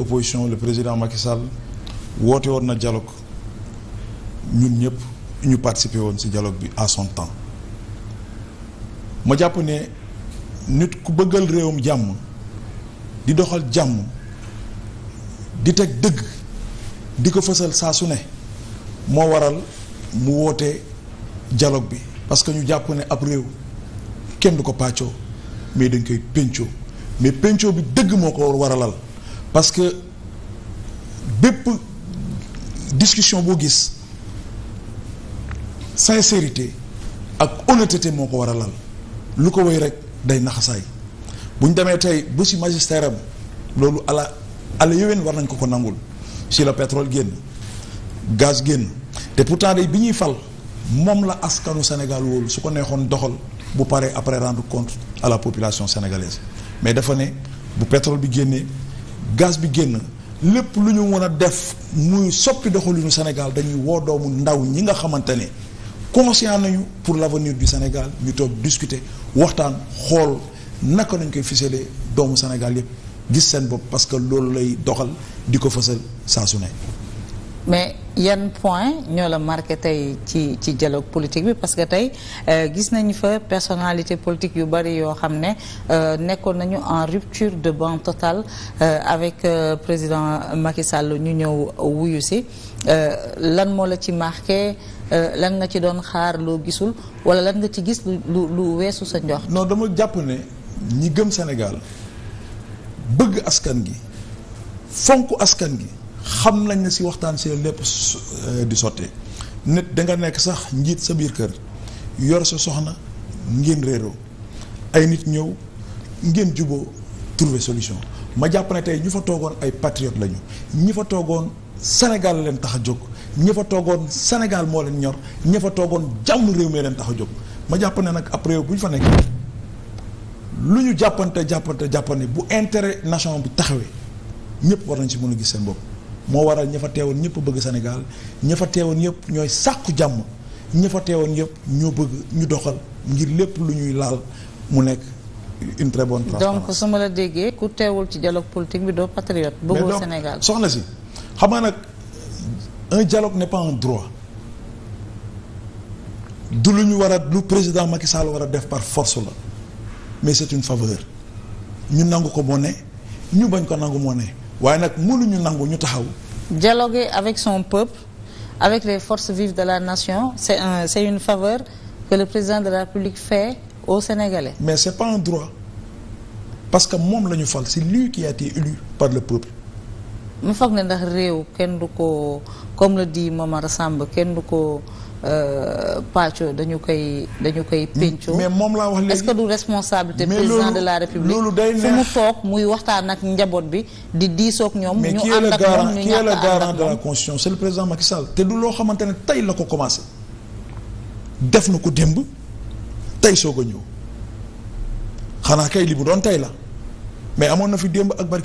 opposition le président Macky Sall woote woon na dialogue ñun ñëpp ñu participer woon ci jaloog bi à son temps ma jàpp ne nit ku bëggal réewam jàmm di doxal jàmm di teg dëgg di ko fësal saa su ne moo waral mu woote jaloog bi parce que ñu jàpp ne ab réew kenn du ko pàccoo mais dañ koy péncoo mais péncoo bi dëgg moo ko war waralal parce que bépp discussion boo gis sincérité ak honnêteté moo ko war a lal lu ko wéy rek day naxasaay bu ñu demee tey ba si magistère am loolu ala ala yowén war nañ ko ko nangul si la pétrole génn gaz génn te pourtant day bi ñuy fal moom la askanu Sénégal wóolu su ko neexoon doxal bu paree après rendre compte à la population sénégalaise mais dafa ne bu pétrole bi génnee gaz bi génn lépp lu ñu mën a def muy soppi doxalinu Sénégal dañuy woo doomu ndaw ñi nga xamante ne conscient nañu pour l'avenir du Sénégal ñu toog discuter waxtaan xool naka nañ koy ficelee doomu Sénégal yëpp gis seen bopp parce que loolu lay doxal di ko fësal saa su mais yan point ñoo la marqué tey ci ci dialogue politique bi parce que tey euh, gis nañu fa personnalité politique yu bari yoo xam ne euh, nekkoon nañu en rupture de banc total euh, avec président Macky Sall ñu ñëw wuyu si lan moo la ci marqué lan nga ci doon xaar loo gisul wala lan nga ci gis lu lu weesu sa njox non dama jàpp ne ñi gëm Sénégal bëgg askan gi fonk askan gi xam nañ ne si waxtaan si lépp euh, di sottee nit danga nekk sax njiit sa biir kër yor sa soxna ngeen réeroo ay nit ñëw ngeen juboo trouver solution ma jàpp ne tey ñi fa toogoon ay patriote lañu ñi fa toogoon Sénégal leen tax a jóg ñi fa toogoon Sénégal moo leen ñor ñi fa toogoon jàmm réew mi leen tax a jóg ma jàpp ne nag après bu ñu fa nekk lu ñu jàppante jàppante jàppante bu intérêt nation bi taxawee ñëpp war nañ si mën a gis seen bopp. moo waral ña fa teewoon ñëpp bëgg Sénégal ña fa teewoon ñooy sàkku jàmm ña fa teewoon yëpp ñoo bëgg ñu doxal ngir lépp lu ñuy laal mu nekk une très bonne transparence. donc su ma la déggee ku teewul ci dialogue politique bi doo patriote. bëggoo Sénégal soxna si xam nga nag un dialogue n'est pas du lu ñu war a lu président Macky Sall war a def par force la mais c'est une faveur ñu nangu ko moo ñu bañ ko nangu moo ne. waaye nag mënuñu nangu ñu taxaw. dialoguer avec son peuple avec les forces vives de la nation c'est un c'est une faveur que le président de la République fait au Sénégalais. mais c'est pas un droit parce que moom la ñu fal c'est lui qui a élu par le peuple. mu foog ne ndax réew kenn du ko comme le dit Momar Samb kenn du ko. Euh, pàcco dañu koy dañu koy pénco mais moom laa wax léegi est du responsabilité président de la république loolu day neex fu mu toog muy waxtaan ak njaboot bi di diisoog ñoom ñu ànd ak ñoom ñu ñàkk a ànd ak ñoom mais qui est le garant de la c'est le président Macky Sall te du loo xamante ne tey la ko commencé def na ko démb tey soog a ñëw xanaa kay li bu doon tey la mais amoon na fi démb ak barki